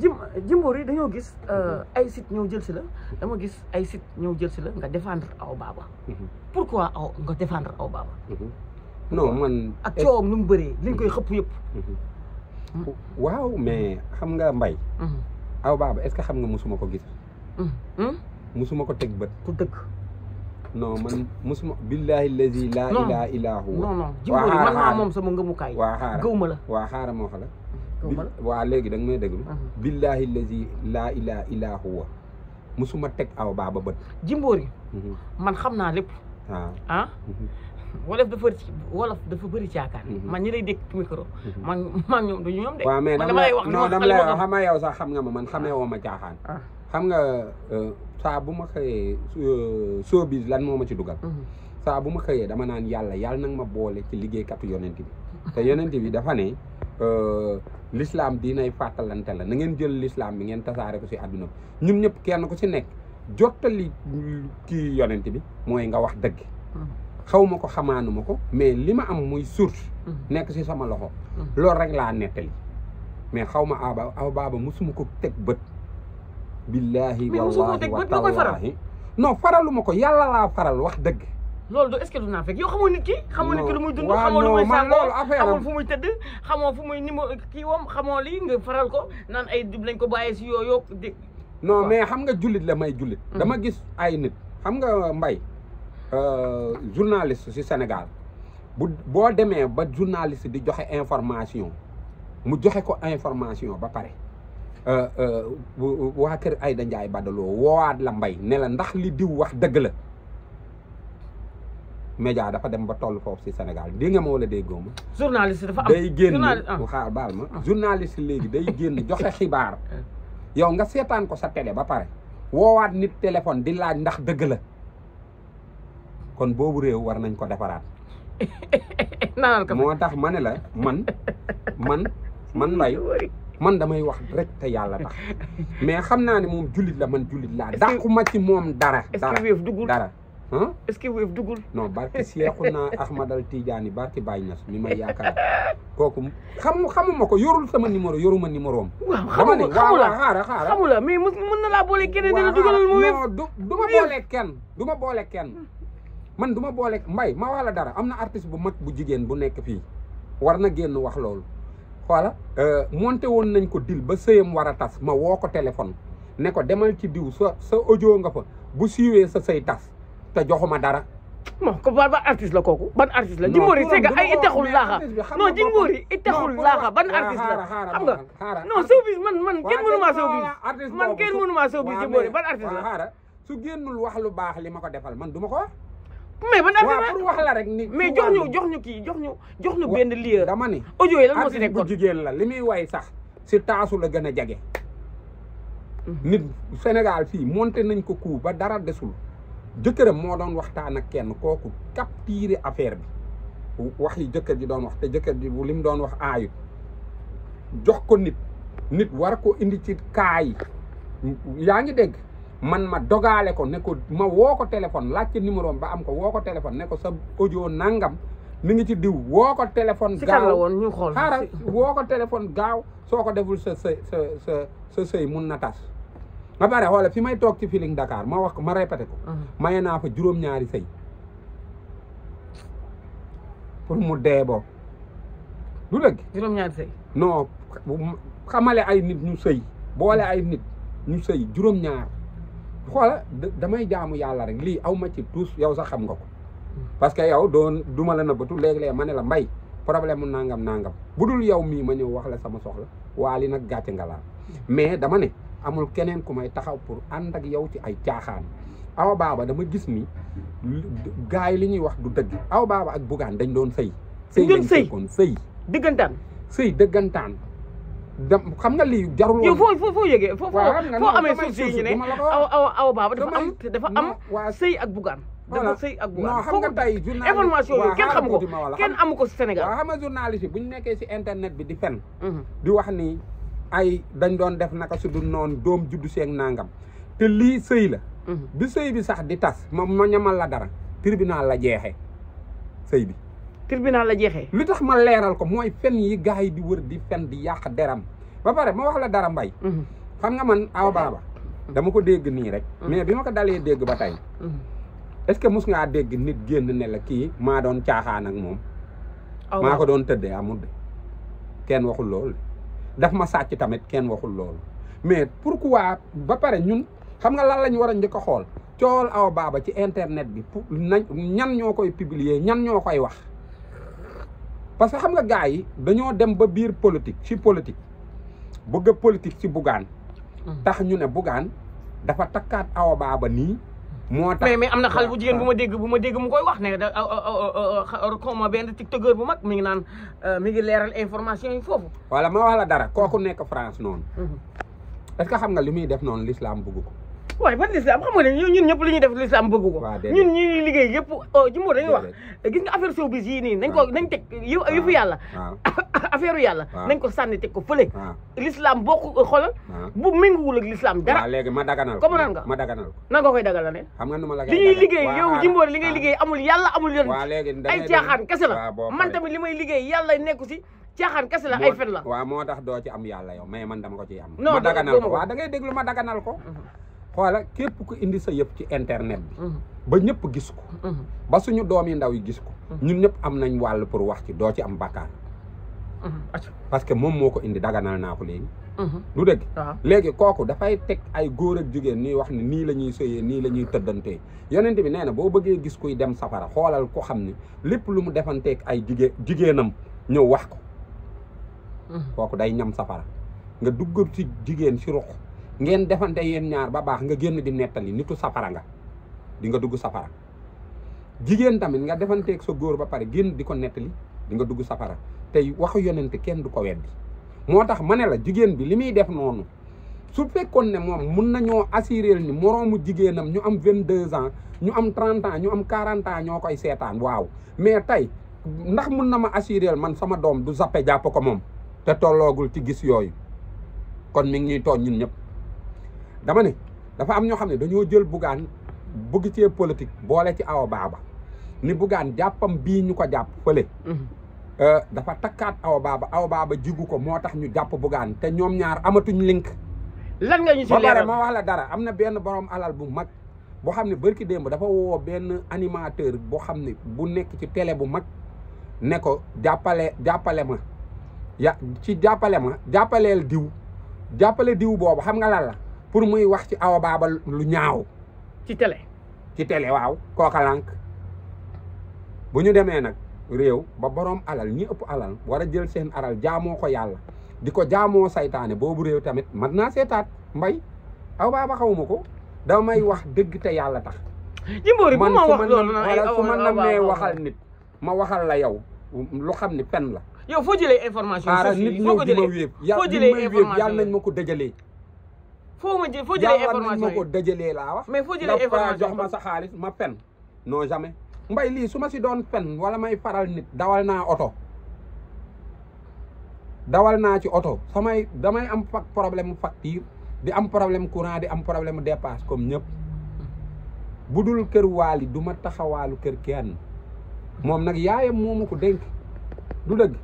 jim jimboor yi dañoo gis euh, ay site ñëw jël si la dama gis ay site ñëw jël si la nga défendre aw baaba mhm. pourquoi aw nga défendre aw baaba mhm. non man ak coowam nu mu bëree liñ koy mhm. xëpp yëpp hmm. waaw mais xam nga mbay aw ce que xam nga musuma ko gis hmm. Hmm? musuma ko teg bët ku dëgg non man musuma billahi lazi laa ilaaha huwa non man maa moom sama ngëmukaay waa xaara gëwma la waa xaara moo xa la waa léegi da nga may déglu ah. billahi lazi laa ilaha illa huwa musuma teg aw baaba bët yi mhm. man xam naa lépp waaw ah, ah. Mhm. wolof dafa wolof dafa bëri caakaan mhm. man ñi lay dégg micro man man ñoom duñu ñoom de mais dama lay wax non dama xam nga ma man xamee ah. woo ma caaxaan xam nga euh, saa bu ma xëyee euh, showbiz lan moo ma ci dugal saa bu ma xëyee dama naan yàlla yàlla nag ma boole ci liggéeykatu yonent bi te yonent bi dafa ne Eh, l'islam diinay fatalante la na ngeen jël l'islam ngeen tassare ko si aduna ñun ñep kenn ku si nek jotali ki yonent bi moy nga wax deug mm. xawmako ma mais lima am muy source mm. nek si sama loxo mm. lool rek la netali mais xawma ma aba aw baba musuma ko teg bët billaahi wallaahi wa non ko faral wax deug loolu du est-ce que du naa yow xamoo nit ki. xamoo nit ki lu muy dund xamoo lu muy sàngoo xamoo fu muy tëdd xamoo fu muy ni mu kii woom xamoo lii nga faral ko naan ay dib lañ ko bàyyee si yooyu di no mais xam nga julit la may jullit mm-hmm. dama gis ay nit xam nga mbay euh, journaliste si Sénégal bu boo demee ba journaliste di joxe information mu joxe ko information ba pare euh, euh, waa kër Aïda Ndiaye Badaloo woowaat la mbay ne la ndax li diw wax dëgg la média dafa dem ba toll foofu si Sénégal dégg nga ma wala déggoo ma. journaliste dafa am day génn ah. xaar baal ma. journaliste léegi day génn joxe xibaar. Eh. yow nga seetaan ko sa télé ba pare. woowaat nit téléphone di laaj ndax dëgg la kon boobu réew war nañ ko defaraat. naanal moo tax ma ne la man man man lay man damay wax rek te yàlla tax mais xam naa ne moom jullit la man jullit laa. dàqu ma ci moom dara. dara dara. ah est-ce que wéef dugul non barki seexu naa Ahmadal Tidiane barki Baye Niass mi may yaakaar kooku xam xamuma ko yorul sama numéro yoruma numéro am. waaw xamu la xamu la xaara xaara na laa boole kenn dina dugalal mu wéef non ma boole kenn duma ma boole kenn man du ma boole mbay ma wax la dara am na artiste bu mag bu jigéen bu nekk fii war na génn wax loolu voilà euh, monté woon nañ ko dil ba sëyam war a tas ma woo ko téléphone ne ko demal ci diw sa sa audio nga fa bu siiwee sa say tas te joxuma dara. bon ko ban artiste la kooku ban artiste la. Djimbory Segg ay itaxul laaxa non Djimbory itaxul laaxa ban artiste la xam nga non showbiz man man kenn mënu maa showbiz man ban artiste la. su génnul wax lu baax li ma ko defal man du ko wax. mais ban artiste la pour wax la rek ni mais jox ñu jox ñu kii jox ñu jox ñu benn lieu. dama ni audio yi lan moo si nekkoon artiste la li muy way sax si taasu la gën a jege. Mm-hmm. nit Sénégal fii monté nañ ko coup ba dara desul. jëkkëram moo doon waxtaan ak kenn kooku capturé affaire bi wax yi jëkkër ji doon wax te jëkkër ji bu li mu doon wax aayut jox ko nit nit war ko indi ci kaa yaa ngi dégg man ma dogaale ko ne ko ma woo ko téléphone laajte numéro ba am ko woo ko téléphone ne ko sa audio nangam mi ngi ci diw woo ko téléphone. gaaw xaaral woo ko téléphone gaaw soo ko deful sa sa sa sa sa sëy mun na tas. ba pare xoola fi may toog ci Feeling Dakar ma wax ko ma répété ko maye naa fa juróom-ñaari sëy pour mu dee boo du dëgg juróom-ñaari sëy non xamale ay nit ñu sëy boole ay nit ñu sëy juróom-ñaar xoola damay jaamu yàlla rek lii aw ma ci tous yow sax xam nga ko parce que yow doon duma la nëbbatu léeg-léeg ma ne la mbay problème mu nàngam nangam bu dul yow mii ma ñëw wax la sama soxla waali nag gàcce nga laa mais dama ne amul keneen ku taxaw pour ànd ak yow ci ay caaxaan awa baaba dama gis ni gars yi li ñuy wax du dëgg awa baaba ak bugaan dañ doon sëy sëy dañ fekkoon sëy dëggantaan sëy dëggantaan da xam nga lii jarul yow foo foo foo yëgee foo foo amee suuf si ñu ne aw aw aw baaba dafa am dafa sëy ak bugaan dafa sëy ak bugaan xam nga tey information yooyu kenn xamu ko kenn amu ko si senegal waaw xam nga journaliste yi bu ñu nekkee si internet bi di fen mhm. di wax ni ay dañ doon def naka su dul noonu doom juddu seeg nangam te lii sëy la mhm. bi sëy bi sax di tas ma ma ñamal la dara tribunal la jeexee sëy bi tribunal la jeexee li tax ma leeral ko mooy fen yi gars yi di wër di fen di yàq deram ba pare ma wax la dara mbay mhm. xam nga man aw baaba dama ko dégg nii rek mhm. mais bi ma ko dalee dégg ba tey est-ce que mus ngaa dégg nit génn ne la kii maa doon caaxaan ak moom maa ko doon tëddee amul de kenn waxul lool daf ma sàcc tamit kenn waxul loolu mais pour pourquoi ba pare ñun xam nga lan lañ war a njëkk a xool coowal Awa Baba ci internet bi pour nañ ñan ñoo koy publier ñan ñoo koy wax parce que xam nga gars yi dañoo dem ba biir politique ci politique bëgg a politique ci Bougane mm. tax ñu ne Bougane dafa takkaat Awa Baba nii moo tax mais mais am na xal bu jigéen bu ma dégg bu ma dégg mu koy wax ne da xaw ma benn tiktokeur bu mag mi ngi naan euh, mi ngi leeral information yi foofu. wala ma wax la dara kooku nekk France noonu. Mhm. est-ce que xam nga li muy def noonu l'islam bugg ko. waaye ban lislaam xam nga ne ñun ñëpp li ñuy def lislaam bëgg ko ñun ñi liggéey yëpp oh, o dañuy wax gis nga affaire showbiz yii nii nañ ko nañ teg yëfu yàlla affaire yàlla nañ ko sànni teg ko fële lislaam boo ko xoolal bu ménguwul ak lislaam dara léegi ma daganal comme nan nga ma daganal nan nga koy daganal ne xam nga nu ma la li ñuy liggéey yow jumbo li ngay liggéey amul yàlla amul yoon ay caaxaan kese la man tamit li may liggéey yàlla nekku si caaxaan kese la ay fen la waaw moo tax doo ci am yàlla yow mais man dama ko ciy am ma daganal ko waaw da ngay déglu ma daganal ko mhm. xoola képp ku indi sa yëpp ci internet bi mhm. ba ñëpp gis ko mhm. ba suñu doomi ndaw yi gis ko mhm. ñun ñëpp am nañ wàll pour wax ci doo ci am bàkkaar parce que moom moo ko indi daganal naa ko léegi du dëgg léegi kooku dafay teg ay góor ak jigéen ñuy wax ni nii la ñuy sëyee nii la ñuy tëddantee yonent bi nee na boo bëggee gis kuy dem safara xoolal ko xam ni lépp lu mu defanteeg ay jigéen jigéenam ñëw wax ko kooku day ñam safara nga dugg ci jigéen ci ruq ngeen defante yéen ñaar ba baax nga génn di nettali nitu safara nga di nga dugg safara jigéen tamit nga defanteeg sa góor ba pare génn di ko nettali di nga dugg safara tey wax yonente kenn du ko weddi moo tax ma ne la jigéen bi li muy def noonu su fekkoon ne moom mun nañoo assurer ni moroomu jigéenam ñu am vingt deux ans ñu am trente am quarante ñoo koy seetaan waaw mais tey ndax mun na ma assurer man sama doom du sappe jàpp ko moom te tolloogul ci gis yooyu kon mi ñuy tooñ ñun ñëpp dama ne dafa am ñoo xam ne dañoo jël Bougane bëgg cee politique boole ci Awa Baba ni Bougane jàppam bii ñu ko jàpp fële mhm. euh, dafa takkaat Awa Baba Awa Baba jigu ko moo tax ñu jàpp Bougane te ñoom ñaar amatuñ link lan nga ñu si leeral ba pare ma wax la dara am na benn borom alal bu mag boo xam ne bërki démb dafa woo benn animateur boo xam ne bu nekk ci télé bu mag ne ko jàppale jàppale ma ya ci jàppale ma jàppaleel diw jàppale diw boobu xam nga lan la pour muy wax ci Awa Baba lu ñaaw. ci télé. ci télé waaw kooka lànk bu ñu demee nag réew ba boroom alal ñi ëpp alal wara jël seen aral jaamoo ko yàlla di ko jaamoo seytaane boobu réew tamit mat naa seetaat mbay Awa Baba xawma ko damay wax dëgg te yàlla tax. Jimbori bu man wax loolu man su ma namee waxal nit ma waxal la yow lu xam ni fen la. yow foo jëlee information. foo ko jëlee foo jëlee information yàlla nañ ma ko dëjalee. foo ma jëlee foo jëlee information yi ko dajalee laa wax. mais foo jëlee information jox ma sa xaalis ma pen non jamais mbay lii su ma si doon pen wala may faral nit dawal naa oto dawal naa ci oto samay damay am fa problème facture di am problème courant di am problème dépasse comme ñëpp bu dul kër waali du ma taxawaalu kër kenn moom nag yaayam moomu ko dénk du dëgg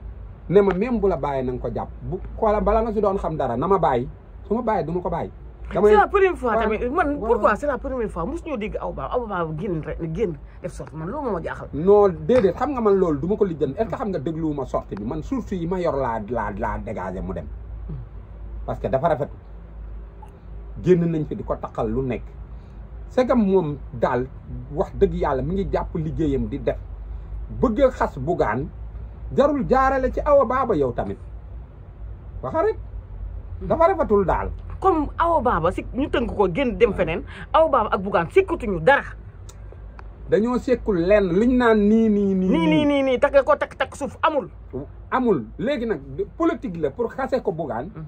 ne ma même bu la bàyyi na ko jàpp bu xoola bala nga si doon xam dara na ma bàyyi su ma bàyyi du ko bàyyi c'est la première fois tamit man pourquoi c'est la première fois mosuñoo dégg aw baaw aw baaw génn rek génn def sorte man loolu moo ma jaaxal non déedéet xam nga man loolu du ma ko lijjan est-ce xam nga dégluwuma sortie bi man source yi ma yor laa laa laa dégagé mu dem hmm. parce que dafa rafet génn nañ fi di ko taqal lu nekk segam moom daal wax dëgg yàlla mi ngi jàpp liggéeyam di def bëgg a xas bugaan jarul jaarale ci awa baaba yow tamit waxa rek hmm. dafa rafetul daal comme Awa Baba si ñu tënk ko génn dem feneen Awa Baba ak Bougane sikkatuñu dara. dañoo sekkul lenn liñ naan nii nii nii. nii nii nii nii takk ko takk takk suuf amul. amul léegi nag politique la pour xase ko Bougane mhm.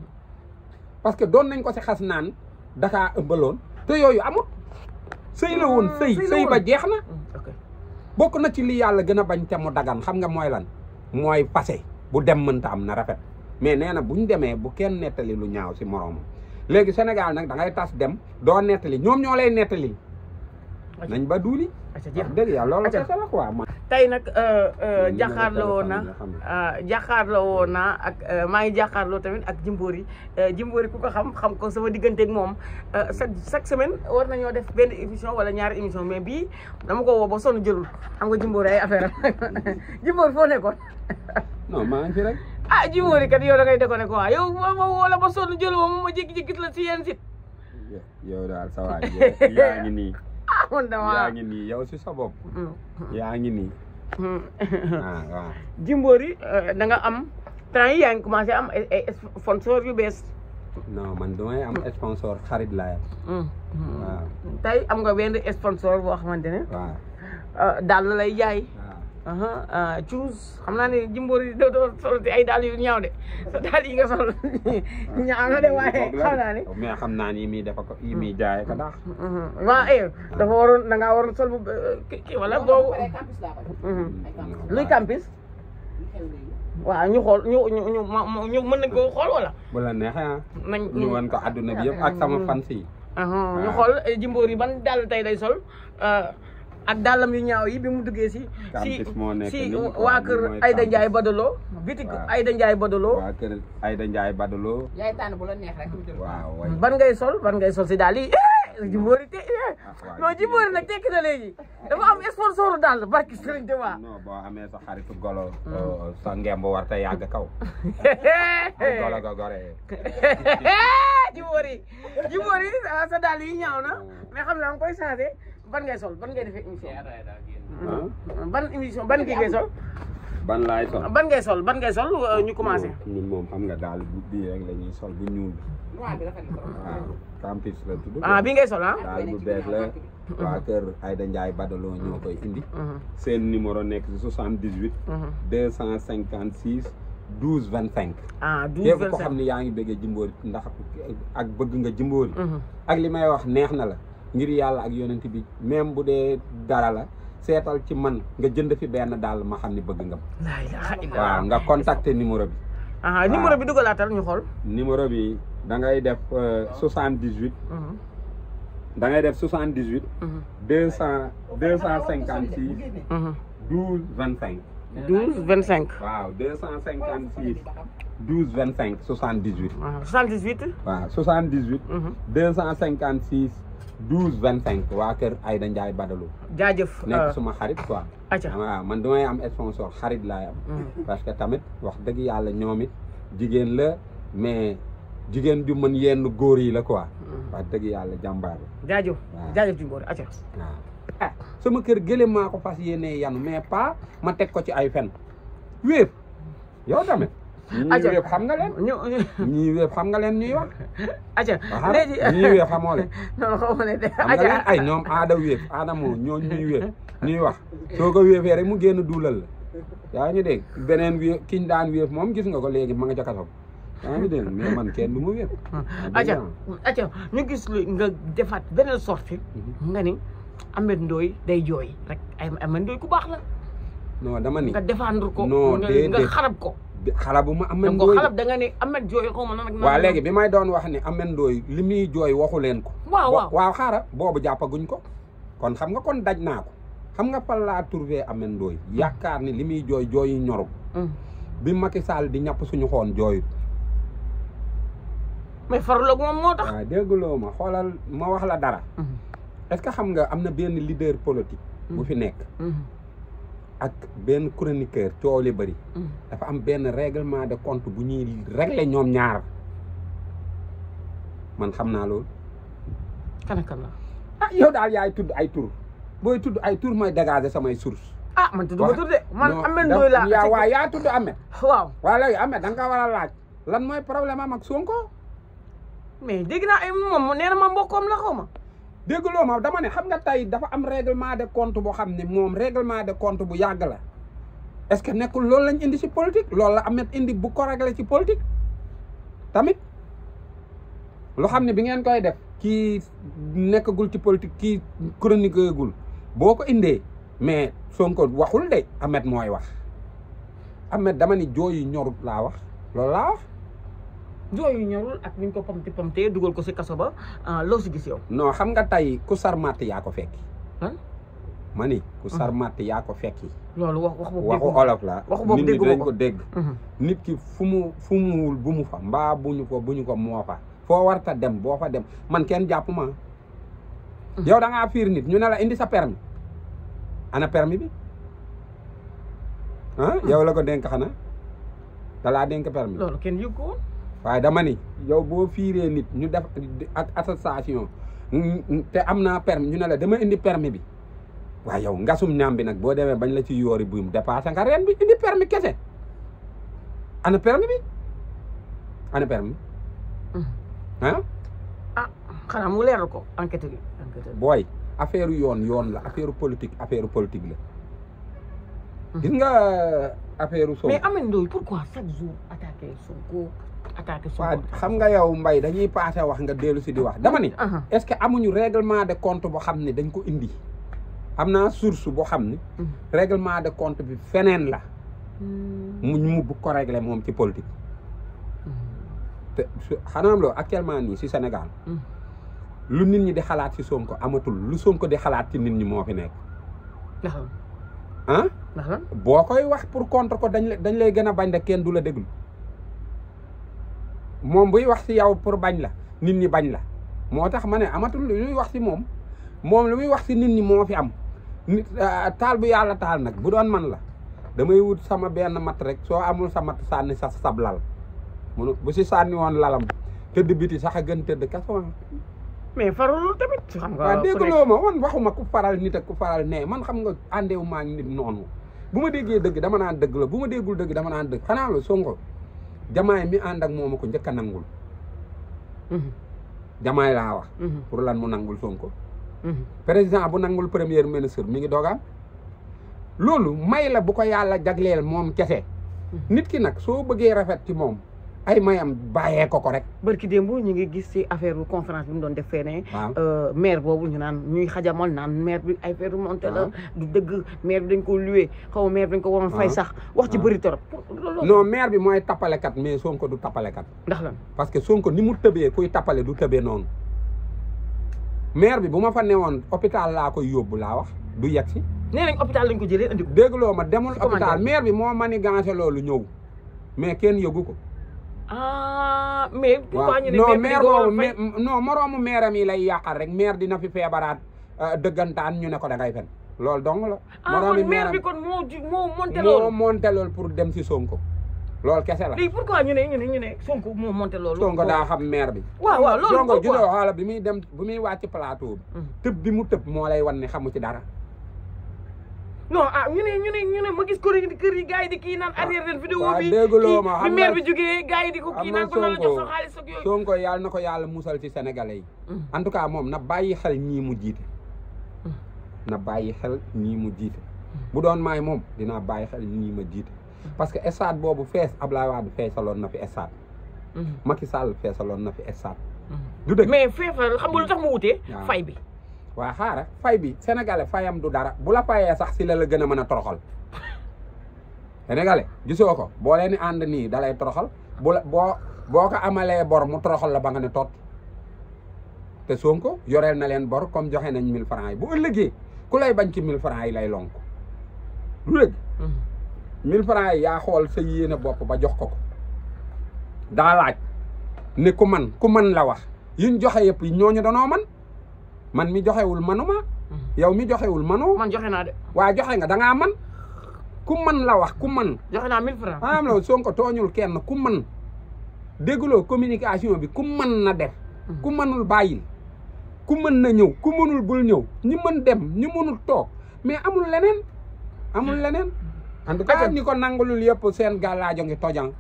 parce que doon nañ ko si xas naan daka ëmbaloon te yooyu amut. sëy la woon sëy sëy ba jeex na. Mhm, bokk na ci li yàlla gën a bañ te mu dagan xam nga mooy lan mooy passé bu dem mënta am na rafet mais nee na bu demee bu kenn nettali lu ñaaw si moroomam léegi Sénégal nag da ngay tas dem doo nettali ñoom ñoo lay nettali. nañ ba duuli. dëgg yàlla loolu kese la quoi man. tey nag euh, euh, jàkkaarloo na euh, jàkkaarloo na ak maa ngi jàkkaarloo tamit ak Jimbori Jimbori ku ko xam xam ko sama digganteeg moom chaque chaque semaine war ñoo def benn émission wala ñaari émission mais bii dama ko woo ba sonn jëlul xam nga Jimbori ay affaire am Jimbori foo nekkoon. a jiwoni kadi da kay dekone quoi yow mama wala ba sonn joluma mama jikki jikkit la si ya sit da sa sawa ya, ya ngi ni on ah, wa ya ngi ni yow si sa bopp ngi nii jimbori da nga am tan yi yaa commencé am eh, eh, sponsor yu bes non man do eh, am sponsor xarit la yam hmm. ah. tay am nga benn sponsor bo xamante ne ah. waaw lay jay Uh-huh. Uh, cuus xam naa ne jimboor yi doo solti ay daal yu ñaaw de sa yi nga sol ñaaw na de waaye xam naa ne xam naa ne yi muy dafa ko yi muy jaay ka daax dafa waroon da ngaa waroon sol bu eh, kii wala boobu uh-huh. luy campus waaw ñu xool ñu ñu ñu mën nañ ko xool wala bu la neexee ah. nañ ñu ko adduna bi yëpp ak sama uh-huh. fans yi ñu ah. xool eh, jimboor yi ban daal tey day sol uh, ak dàllam yu ñaaw yi mu duggee si. si si waa kër Aïda Ndiaye Badolo. bitik Aïda Ndiaye Badolo. waa kër Aïda Ndiaye ban ngay sol ban ngay sol si daal yi. Eh, ah, jimbori te eh. ah, non Jimbori nag tekki na léegi dafa am sponsor daal barki Sëriñ Tuubaa. te yàgg kaw. golo ga gore. Jimbori ah, yi ñaaw na mm. mais xam naa koy changé. ban ngay sol ban ngay defee émission. Hmm. Hmm. ban émission ban kii sol. ban laay sol ban ngay sol ban ngay sol euh, ah, ñu commencé. ñun moom xam nga daal bu rek la sol bu ñuul. waaw ah, campus la tudd. Ah, bi ngay sol ah. daal bu bees la. waa kër Aïda Ndiaye Badaloo hmm. ñoo koy indi. seen numéro nekk si 78. 256. douze vingt cinq ah douze vingt cinq képp ko xam ne yaa ngi bëggee jimboori ndax ak bëgg nga jimboori ak li may wax neex na la ngir yalla ak yonent bi même boudé dara la sétal ci man nga jënd fi ben dal ma xamni bëgg ngam la ilaha illa wa nga contacter numéro bi aha numéro bi dugal atal ñu xol numéro bi da ngay def 78 euh, mhm. da ngay def 78 200 256 12 25 12 25 waaw 256 cinq 25 78. Ah, waaw 78. waaw 78. 256 12 25 waa kër Aïda Ndiaye Badalou. jaajëf euh, nekk suma xarit quoi. acca waaw man damay am sponsor xarit laay am. Mhm. parce que tamit wax dëgg yàlla ñoom it jigéen la mais jigéen ju mën yenn góor yi la quoi. Mhm. wax dëgg yàlla jàmbaar la. jaajëf jaajëf ci góor ah. sama kër gële maa ko fas yéenee yanu mais pas ma teg ko ci ay fen wéer yow tamit. ñii xam nga leen. ñu ñii xam nga leen ñuy wax. atia léegi ñii wépp xam nga ay ñoom aada wépp aada moo ñoo ñu wépp ñuy wax soo ko wéppee mu génn duulal la yaa ñu dégg beneen wépp kiñ daan wépp moom gis nga ko léegi ma nga ca kaso yaa ngi dégg mais man kenn du ma ñu defaat beneen sortie mhm. nga ni Ameth Ndoye day jooy rek ay Ameth Ndoye ku baax la. non dama ni nga défendre ko. non nga xarab ko. xalabu ma Ameth Ndoye xalab da nga ne Ameth Ndoye xaw ma nan waaw léegi bi may doon wax ni Ameth Ndoye li muy jooy waxu leen ko waaw waaw boobu jàppaguñ ko kon xam nga kon daj naa ko xam nga fan laa trouvé Ameth Ndoye hmm. yaakaar ni li muy jooy jooyu ñorub hmm. bi Macky Sall di ñàpp suñu xoon jooyut mais farloog moom moo tax waaw ma xoolal ma wax la dara hmm. est que xam nga am na benn leader politique bu fi nekk ak benn chroniqueur coow li bëri. Mm. dafa am benn règlement de compte bu ñuy régler ñoom ñaar man xam naa loolu. kanaka la ah, yow daal yaay tudd ay tur booy tudd ay tur mooy dégager samay source ah man tudd ma tudd de man Ameth Ndoye laa. yaa waaw yaa waaw waaw da nga war a laaj. lan mooy problème am ak Sonko. mais dégg naa ay eh, moom nee na ma mbokkoom la xaw ma. déggloo ma dama ne xam nga tey dafa am réglement de compte boo xam ne moom réglement de compte bu yàgg la est-ce que nekkul loolu lañ indi ci politique loolu la amet indi bu ko réglé ci politique tamit lu xam ne bi ngeen koy def kii nekkagul ci politique kii chronique boo ko indee mais Sonko waxul de amet mooy wax amet dama ni jooyu ñorut laa wax loolu laa wax jooyu ñorul ak niñ ko pamti pamtee dugal ko si kaso ba euh, loo si gis yow. xam nga tey ku sarmaat yaa ko fekki. ma ni ku sarmaat yaa ko fekki. loolu wax waxu olof la. wax boobu dégg nit ko dégg. nit ki fu mu fu mu wul bu mu fa mbaa bu ko bu ko moo fa foo warta dem boo fa dem man kenn jàpp ma yow da fiir nit ñu ne la indi sa permis ana permis bi ah yow la ko dénk xanaa da laa dénk permis loolu kenn yëg ko waaye dama ni yow boo fiiree nit ñu def ak association te am naa permis ñu ne la dama indi permi bi waaye yow ngasum ñaam bi nag boo demee bañ la ci yoori buum dépassé nga ren bi indi permis kese ana permis bi ana permis ah ah xanaa mu leeral ko enquête bi booy affaire yoon yoon la affaire politique affaire politique la mm-hmm. gis nga euh, affaire Sonko mais Ameth Ndoye pourquoi chaque jour attaqué waaw xam nga yow mbay dañuy paase wax nga dellu si di wax dama ni est-ce que amuñu réglement de compte boo xam ne dañ ko indi am naa source boo xam ne mm. règlement de compte bi feneen la mm. mu ñu bugg ko régler moom ci politique mm. te xanaam loo actuellement nii si Sénégal lu nit ñi di xalaat si ko amatul lu ko di xalaat ci nit ñi moo fi nekk ah boo koy wax pour contre ko dañ dañ lay gën a bañ de kenn du la déglu moom buy wax si yow pour bañ la nit ñi bañ la moo tax ma ne amatul luy wax si moom moom lu muy wax si nit ñi moo fi am nit euh, taal bu yàlla taal nag bu doon man la damay wut sama benn mat rek soo amul sa mat sànni sa sab lal munu bu si sànni woon lalam tëdd biti sax a gën tëdd kaso mais faralul tamit xam nga waaw déggloo ma wan waxuma ku faral nit ak ku faral nee man xam nga àndeewu maa nit noonu bu ma déggee dëgg dama naan dëgg la bu ma déggul dëgg dama naan dëgg xanaa la songo jamaay mi ànd ak moom ko njëkk a nangul mhm. jamaay laa wax mhm. pour lan mu nangul Sonko mhm. président bu nangul premier ministre mi ngi dogaan loolu may la bu ko yàlla jagleel moom kese nit ki nag soo bëggee rafet ci moom ay mayam bàyyee ko ko rek. barki démb ñu ngi gis ci affaire bu conférence bi mu doon def fee ne. Euh, maire boobu ñu naan ñuy xajamal naan maire bi ay affaire monté la. Ah. du dëgg maire bi dañ ko loué xaw maire dañ ko waroon fay ah. sax. wax ci ah. bëri torop non maire bi mooy tappalekat mais Sonko du tappalekat. ndax lan parce que Sonko ni mu tëbee kuy tappale du tëbee noonu. maire bi bu ma fa newoon hôpital laa koy yóbbu laa wax du yegg si. nee nañ hôpital lañ ko jëlee andi ko. dégloo ma demul hôpital maire bi moo mani gancé loolu ñëw mais kenn yëgu ko. ah mais. waaw non maire boobu non moroomu meeram yi lay yàqal rek maire dina fi feebaraat euh, dëggantaan ñu ne ko da ngay lool loolu dong la. Ah, moroomu maire bi kon moo moo lool loolu pour dem si Sonko. loolu kese la léegi pourquoi ñu ne ñu ne ñu ne Sonko moo monté loolu. Sonko daa xam maire bi. waaw waaw loolu Sonko gisoo xoola bi muy dem bi muy wàcc plateau bi. Mm. tëb bi mu tëb moo lay wan ne xamu ci dara. non ah ñu ne ñu ne ñu ne ma gis kër yi kër yi gars yi di kii naan arrière leen vidéo ah, bi dégloo ma bi maire bi jógee gars di ko kii naan ko nan la jox sa xaalis ak yooyu Sonko na ko yàlla musal ci sénégalais yi mm. en tout cas moom na bàyyi xel ñii mu jiite mm. na bàyyi xel ñii mu jiite mm. bu doon maay moom dinaa bàyyi xel ñii ma jiite parce que stade boobu fees Abdoulaye Wade feesaloon na fi stade Macky Sall feesaloon na fi stade du dëgg mais feesal xam bi waa xaara fay bi sénégalais fayam du dara bu la fayee sax si la la gën a mën a toroxal sénégalais gisoo ko boo leen ànd nii dalay lay toroxal boo boo ko amalee bor mu toroxal la ba nga ne tot te Sonko yoreel na leen bor comme joxe nañ mill francs yi bu ëllëgee ku lay bañ ci mill francs yi lay lonk lu dëgg mhm. mille yi yaa xool sa yéene bopp ba jox ko ko daa laaj ne ku man ku man la wax yiñ joxe yëpp ñooñu danoo man man mi joxewul manu ma mm-hmm. yow mi joxewul manoo man joxe naa de waaye joxe nga da man ku man la wax ku man joxe naa mille francs am la Sonko tooñul kenna ku man dégguloo communication bi ku man na def mm-hmm. ku manul bàyyil ku mën na ñëw ku mënul bul ñëw ñi mën dem ñi mënul toog mais amul leneen amul mm-hmm. leneen en tout cas ñi ko nangulul yëpp seen gàllaajo ngi tojang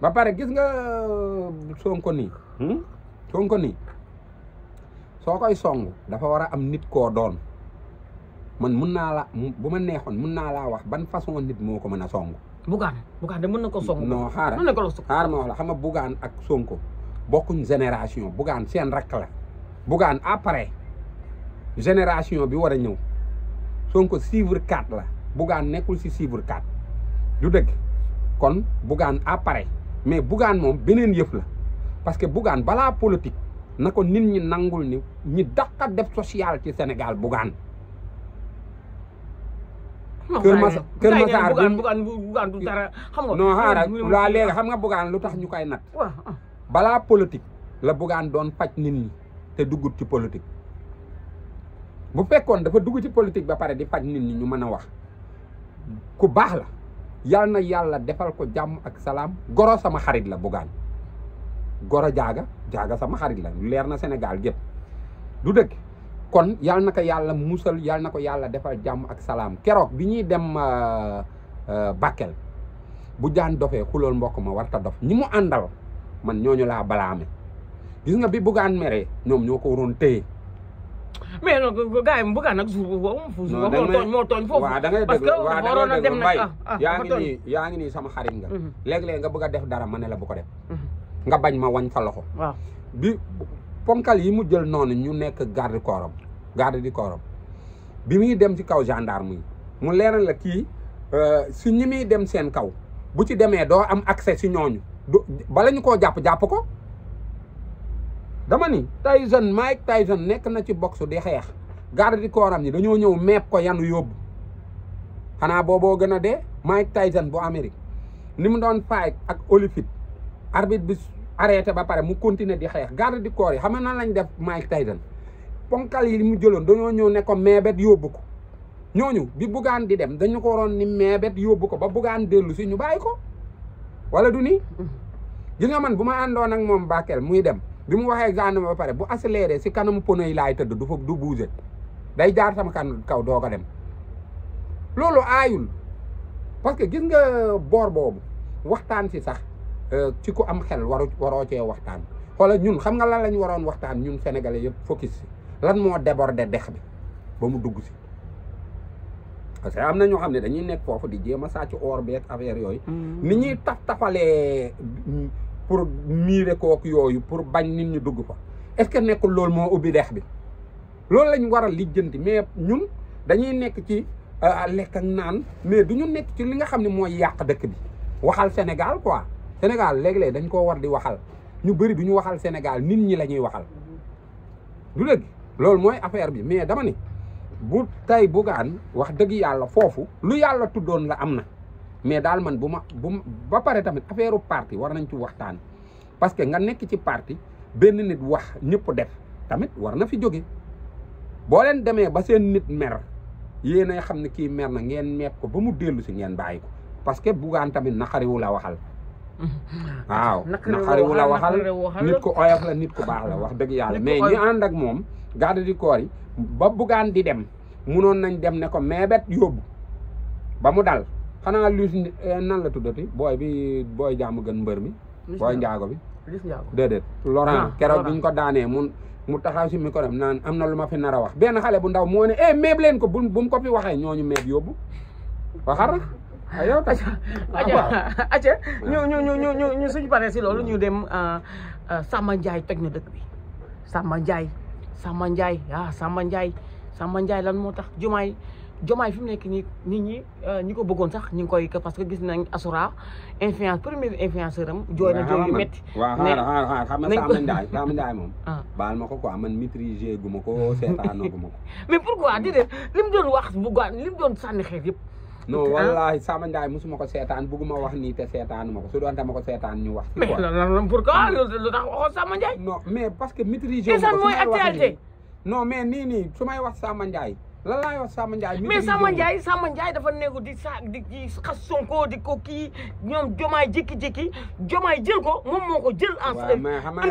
ba pare gis nga euh, Sonko nii hmm? Sonko nii soo koy song dafa wara am nit ko doon man mun naa la buma neexon neexoon mun naa wax ban façon nit moko ko song. bugan bugan de mën na ko song. non xaaral mën na ko song xaaral ma wax la xama bugan ak sonko bokkuñ génération bugan seen rakk la. bugan après génération bi wara ñew sonko suivre 4 la bugan nekul si suivre 4 du deug kon bugan après mais bugan mom benen yef la parce que bugan bala politique nako nit ñi nangul ni ñi dàqa def social ci Sénégal bugaan kër Massa kër Massaar bi bugaan bugaan du dara xam nga non xaaral la léegi xam nga bugaan lu tax ñu koy nat balaa politique la bugaan doon faj nit ñi te duggut ci politique bu fekkoon dafa dugg ci politique ba pare di fajj nit ñi ñu mëna wax ku bax la yal na defal ko jamm ak salam goro sama xarit la bugaan goro jaaga jaaga sama xarit la leer na senegal gépp du dëkk kon yal na ko yàlla musal yal na ko yàlla defal jàmm ak salaam keroog bi ñuy dem euh, euh, Bakel bu jaan dofee xulool mbokk ma warta dof ñi mu àndal man ñooñu laa balaame gis nga bi buggaan meree ñoom ñoo ko waroon téye mais non gars buggaan nag suuf foofu moo tooñ foofu waaw a dem ah, ah, yaa ngi nii sama xarit nga mhm. léeg-léeg nga bëgg a def dara ma ne la bu ko def mhm. nga bañ ma wañ sa loxo. waaw bi ponkal yi mu jël noonu ñu nekk garde corps am bi muy dem ci kaw gendarme yi mu leeral la kii euh, su ñi muy dem seen kaw bu ci demee doo am accès si ñooñu du ñu koo jàpp jàpp ko. dama ni Tyson Mike Tyson nekk na ci boxe di xeex garde di corps dañoo ñëw meeb ko yanu yóbbu xanaa booboo gën a dee Mike Tyson bu Amérique ni mu doon faay ak Holyfield. arbitre bi arrêté ba paré mu continuer di xex garde du corps yi xam na lañ def Mike Tyson ponkal yi mu jëlone dañu ñëw ne ko meebet yóbbu ñooñu bi bugaan di dem dañu ko waroon ni meebet yóbbu ko ba bugaan delu si ñu wala du ni gi nga man buma andon ak mom Bakel muy dem bi mu waxee gànn ba paré bu accéléré si kanam pono yi lay tëdd du fa du bouger day jaar sama kan kaw doga dem lolu ayul parce que gis nga bor bobu waxtan si sax Euh, ci ku am xel waru waroo cee waxtaan xoola ñun xam nga la lañ waroon waxtaan ñun sénégalais yëpp focus si lan moo débordé dex bi ba mu dugg si parce que am na ñoo xam ne dañuy nekk foofu di jéem a sàcc or bi ak affaire yooyu mm. ni ñuy taf tafalee mm, pour miire kook yooyu pour bañ nit ñu dugg fa est-ce que nekkul loolu moo ubbi dex bi loolu lañ war a lijjanti mais ñun dañuy nekk ci euh, lekk ak naan mais du ñu nekk ci li nga xam ni mooy yàq dëkk bi waxal Sénégal quoi Senegal léeg-léeg dañ ko war di waxal ñu bëri du ñu waxal Sénégal nit ñi lañuy waxal du dëgg lool moy affaire bi mais dama ni bu bu gaan wax dëgg yalla fofu lu yalla tudon la amna. mais dal man buma ba paré tamit affaireu parti war nañ ci waxtaan parce que nga nekk ci parti ben nit wax ñëpp def tamit war na fi joggé bo leen démé ba seen nit mer yéen a ki mer na ngeen meet ko ba mu dellu ci ngeen bayiko parce que gaan tamit wu la waxal waaw naqariwu la waxal nit ku oyof la nit ku baax la wax dëgg yàlla mais ñi ànd ak moom garde di corps yi ba buggaan di dem munoon nañ dem ne ko meebet yóbbu ba mu dal xanaa luus eh, nan la tuddati booy bi booy jaamu gën mbër mi booy njaago bi déedéet Laurent ah, keroog bi ko daanee mun mu taxaw si micro am naan am na lu ma fi nar a wax benn xale bu ndaw moo ne eh meeb leen ko bu bu mu ko fi waxee ñooñu meeb yóbbu waxar aywa aca ñu ñu ñu ñu ñu ñu suñu paree si ñu dem Samba Ndiaye toj na dëkk bi Samba Ndiaye Samba Ndiaye ah Samba Ndiaye Samba Ndiaye lan moo tax jumaay jomaay fi mu nekk nii nit ñi ñi ko bëggoon sax ñu ngi koy parce que gis nañ Asura influence premier influenceur am. jooy na jooy yu baal ma ko quoi man maîtriser gu ko seetaanoo gu ma ko. mais pourquoi déedéet li mu doon wax bu gaa li mu doon sànni xeet yëpp. non ah. wallaahi Samba Ndiaye mosuma ko seetaan bugguma wax nii te seetaanuma ko seetaan ñu wax. mais lan pourquoi ah, lu tax waxoo Samba Ndiaye. non mais parce que maîtriser. ma mooy actualité non mais nii nii su may wax Samba Ndiaye. lan laay wax Samba Ndiaye. mais Samba dafa nekk di sa di xas Sonko di ko kii ñoom jomaay jikki jékki jomaay jël ko moom moo ko jël. en andi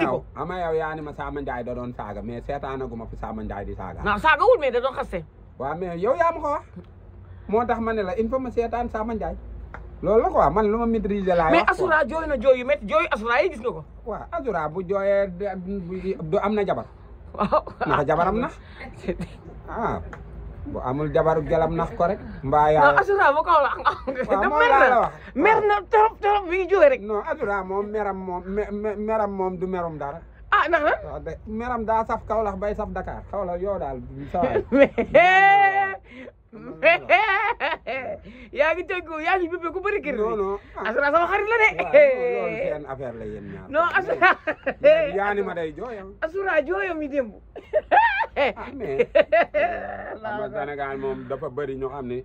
ko mais ma Samba Ndiaye da doon mais seetaanaguma fi Samba Ndiaye di saaga. non saaga wul mais da doon xase. waaw mais yow yaa ma wax. moo tax ma ne la il faut ma seetaan Samba Ndiaye man lu ma maîtriser laa mais Asura jooy na jooy yu métti jooy Asura yi gis nga ko waaw Asura bu jooyee du am na jabar waaw ndax jabaram na ah bu amul jabaru jalam nax ko rek mbaa yaa non Asura bu ko wax waaw moom laa la wax mer jooy rek non Asura moom meram moom meram moom du merum dara ah ndax saf Kaolack bay saf Dakar Kaolack yow daal sa yaa ngi tëgg yaa ngi bépp ku bëri kër gi. non non ah. asura sama xarit la de. loolu seen affaire la yéen ñaar. non asura. yaa ni ma day jooyam. asura jooyam yi démb. ah mais. xam moom dafa bëri ñoo xam ne.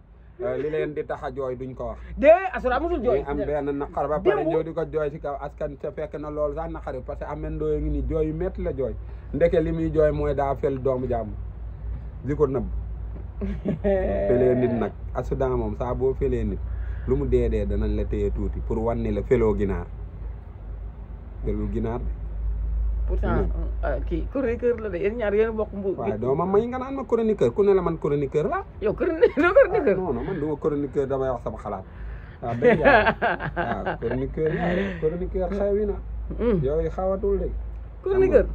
Euh, li leen di tax a jooy duñ ko wax. dee asura musul jooy. am benn naqar ba pare ko jooy si kaw askan te fekk na lool sax naqari parce que am na ndooyo ngi ni jooy yu la jooy ndeke li muy jooy mooy daa fel doomu jàmm di ko félee nit nag accident moom saa boo félee nit lu mu dee dee danañ la téye tuuti pour wan la féloo ginaar félul ginaar de. pourtant hmm. euh, kii chroniqueur la de yéen ñaar yéen a bokk mbuur. waaw doo ma may nga naan ma chroniqueur ku ne man chroniqueur la. Ah, damay wax sama xalaat. waaw ah, dëgg yàlla la ah, chroniqueur na. Hmm. yooyu xawatul de. chroniqueur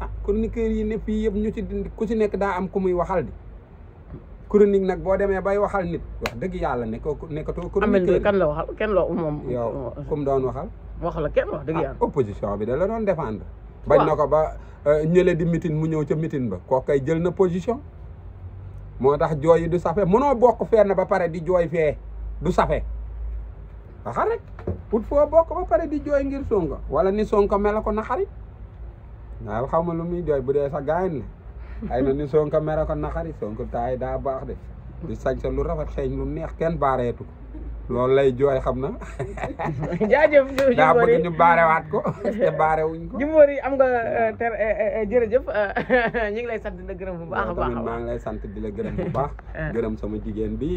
ah chroniqueur yi ne fii yëpp ñu ci ku ci nekk daa am ku muy waxal di. chronique nag boo demee bay waxal nit wax dëgg yàlla nekkoo nekkatoo chronique kan la waxal kenn la moom yow comme doon waxal wax la kenn wax dëgg ah, yàlla opposition bi da la doon défendre bañ na ko ba euh, ñële di mitin mu ñëw ca mitin ba koo kay jël na position moo tax jooyi du safe mënoo bokk fenn ba pare di jooy fee du safe waxal rek ut foo bokk ba pare di jooy ngir Sonko wala ni Sonko mel ko na xarit daal xaw ma lu muy jooy bu dee sa gaañ la ay na ni Sonko mere ko naqari Sonko taay daa baax de di sañ sa lu rafet xeeñ lu neex kenn baareetu loolu lay jooy xam na. jaajëf jërëjëf daa ko baarewuñ ko. Jimbori am nga eh, eh, eh, jërëjëf ñu ngi lay sant di la gërëm bu baax baax. sant di la gërëm bu baax. gërëm sama jigéen bi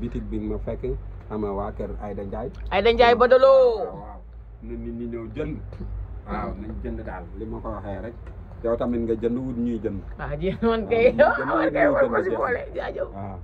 bitig bi ma fekk ama waa kër Ayda Ndiaye. Ayda Ndiaye ba daloo waaw jënd daal li ma ko waxee rek. yow tamit nga jënd wut ñuy jënd. ah jéem a ah, woon kay. waaw kay war ko si boole jaajëf. Ah.